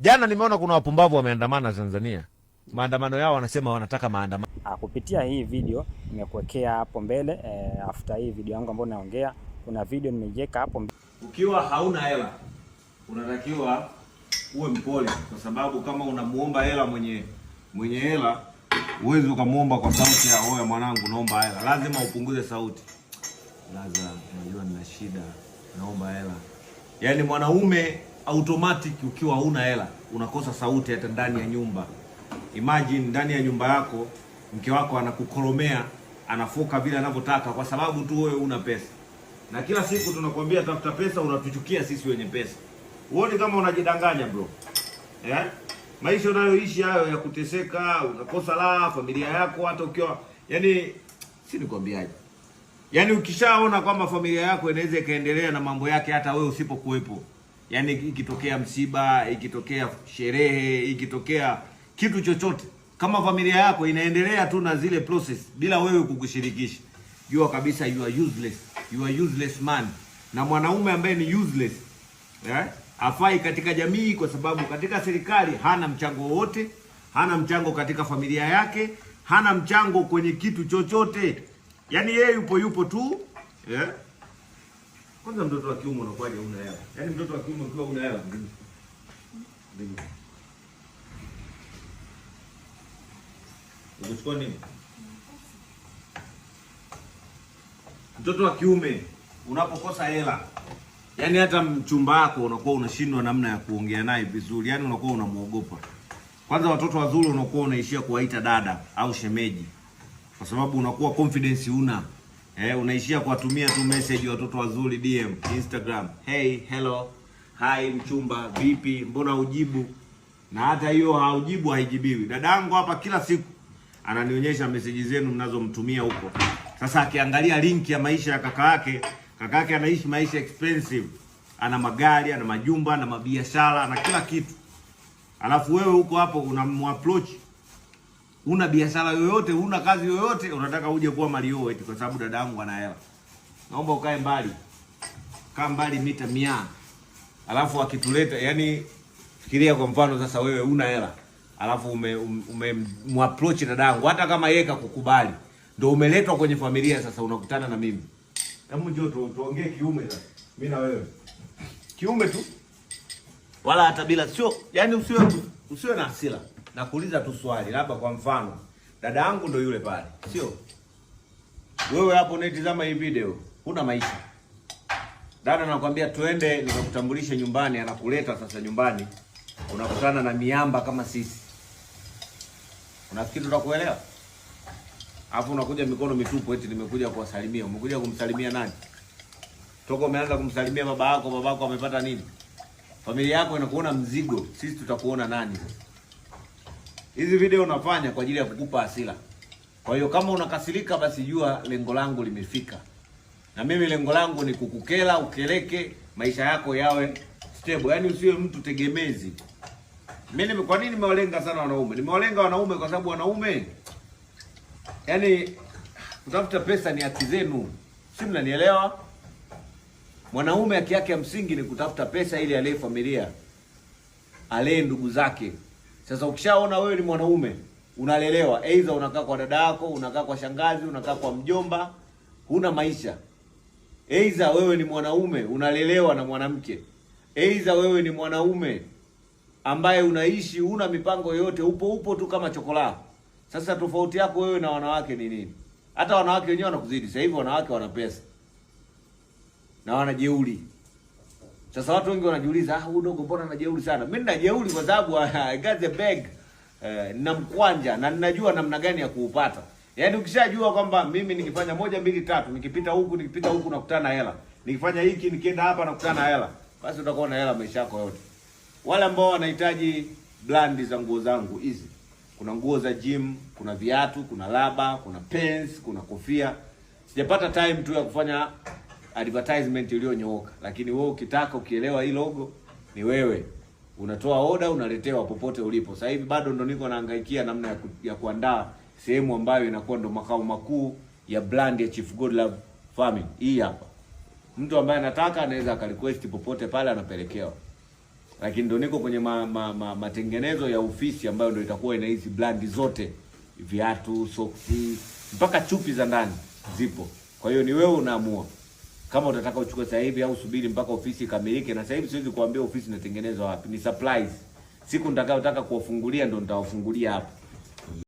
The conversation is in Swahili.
Jana nimeona kuna wapumbavu wameandamana Tanzania, maandamano yao wanasema wanataka maandamano. Ah, kupitia hii video nimekuwekea hapo mbele e, after hii video yangu ambayo naongea, kuna video nimejeka hapo mbele. Ukiwa hauna hela unatakiwa uwe mpole, kwa sababu kama unamuomba hela mwenye mwenye hela uwezi ukamwomba kwa sauti ya oya, mwanangu, naomba hela. Lazima upunguze sauti. Laza, unajua nina shida, naomba hela. Yaani mwanaume automatic ukiwa una hela unakosa sauti hata ndani ya nyumba. Imagine ndani ya nyumba yako mke wako anakukoromea, anafoka vile anavyotaka, kwa sababu tu wewe una pesa. Na kila siku tunakwambia tafuta pesa, unatuchukia sisi wenye pesa. Uone kama unajidanganya bro, eh? Maisha unayoishi hayo ya kuteseka, unakosa la familia yako, hata ukiwa yani, si nikwambiaje, Yaani ukishaona kwamba familia yako inaweza ikaendelea na mambo yake hata wewe usipokuwepo yaani ikitokea msiba, ikitokea sherehe, ikitokea kitu chochote, kama familia yako inaendelea tu na zile process bila wewe kukushirikisha, jua kabisa you are useless, you are useless man. Na mwanaume ambaye ni useless eh, afai katika jamii, kwa sababu katika serikali hana mchango wowote, hana mchango katika familia yake, hana mchango kwenye kitu chochote, yaani yeye yupo yupo tu eh. Kwanza mtoto wa kiume unakuwaje una hela? Yaani mtoto wa kiume ukiwa una hela ndio. Ndio. Unachukua nini? Mtoto wa kiume unapokosa hela, yaani hata mchumba wako unakuwa unashindwa namna ya kuongea naye vizuri, yaani unakuwa unamwogopa. Kwanza watoto wazuri unakuwa unaishia kuwaita dada au shemeji, kwa sababu unakuwa confidence una eh, unaishia kuwatumia tu message watoto wazuri DM, Instagram, hey hello, hi mchumba, vipi, mbona ujibu? Na hata hiyo haujibu haijibiwi. Dadangu hapa kila siku ananionyesha meseji zenu mnazomtumia huko. Sasa akiangalia link ya maisha ya kaka yake, kaka yake anaishi maisha expensive, ana magari, ana majumba, ana mabiashara, ana kila kitu, alafu wewe huko hapo unamapproach una biashara yoyote, una kazi yoyote, unataka uje kuwa Mario eti kwa sababu dada yangu ana hela. Naomba ukae mbali. Kaa mbali mita mia. Alafu akituleta, yani fikiria kwa mfano sasa wewe una hela. Alafu ume, ume, ume approach dada yangu hata kama yeye kakukubali. Ndio umeletwa kwenye familia sasa unakutana na mimi. Hebu njoo tu tuongee kiume sasa. Mimi na wewe. Kiume tu. Wala hata bila sio, yani usiwe usiwe na hasira na kuuliza tu swali, labda kwa mfano, dada yangu ndo yule pale, sio wewe hapo unaitizama hii video, huna maisha. Dada anakuambia twende nikakutambulishe nyumbani, anakuleta sasa nyumbani, unakutana na miamba kama sisi. Unafikiri tutakuelewa? Alafu unakuja mikono mitupu, eti nimekuja kuwasalimia. Umekuja kumsalimia nani? Toka umeanza kumsalimia baba yako, baba yako amepata nini? Familia yako inakuona mzigo, sisi tutakuona nani? hizi video unafanya kwa ajili ya kukupa hasira. Kwa hiyo kama unakasirika, basi jua lengo langu limefika, na mimi lengo langu ni kukukela ukeleke, maisha yako yawe stable, yaani usiwe mtu tegemezi. Mimi kwa nini nimewalenga sana wanaume? Nimewalenga wanaume kwa sababu wanaume, yaani kutafuta pesa ni haki zenu, si mnanielewa? Mwanaume haki yake ya msingi ni kutafuta pesa ili alee familia, alee ndugu zake. Sasa ukishaona wewe ni mwanaume unalelewa, aidha unakaa kwa dada yako, unakaa kwa shangazi, unakaa kwa mjomba, huna maisha. Aidha wewe ni mwanaume unalelewa na mwanamke, aidha wewe ni mwanaume ambaye unaishi una mipango yoyote, upo upo tu kama chokola Sasa tofauti yako wewe na wanawake ni nini? Hata wanawake wenyewe wanakuzidi. Sasa hivi wanawake wana pesa na wana jeuri. Sasa watu wengi wanajiuliza, ah, huyu dogo mbona anajeuri sana? Mimi ninajeuri kwa sababu I got the bag eh, na mkwanja na ninajua namna gani ya kuupata. Yaani ukishajua kwamba mimi nikifanya moja mbili tatu, nikipita huku nikipita huku nakutana hela. Nikifanya hiki nikienda hapa nakutana hela. Basi utakuwa na hela maisha yako yote. Wale ambao wanahitaji brandi za nguo zangu hizi. Kuna nguo za gym, kuna viatu, kuna laba, kuna pants, kuna kofia. Sijapata time tu ya kufanya advertisement iliyonyooka, lakini wewe ukitaka ukielewa hii logo ni wewe unatoa oda unaletewa popote ulipo. Sasa hivi bado ndo niko naangaikia namna ya, ku, ya kuandaa sehemu ambayo inakuwa ndo makao makuu ya brand ya Chief Love Farming. Hii hapa, mtu ambaye anataka anaweza akarequest popote pale anapelekewa, lakini ndo niko kwenye ma, ma, ma, matengenezo ya ofisi ambayo ndo itakuwa ina hizi brand zote, viatu, soksi mpaka chupi za ndani zipo. Kwa hiyo ni wewe unaamua. Kama utataka uchukue sasa hivi au subiri mpaka ofisi ikamilike, na sasa hivi siwezi kuambia ofisi inatengenezwa wapi, ni supplies. Siku nitakayotaka kuwafungulia ndo nitawafungulia hapo.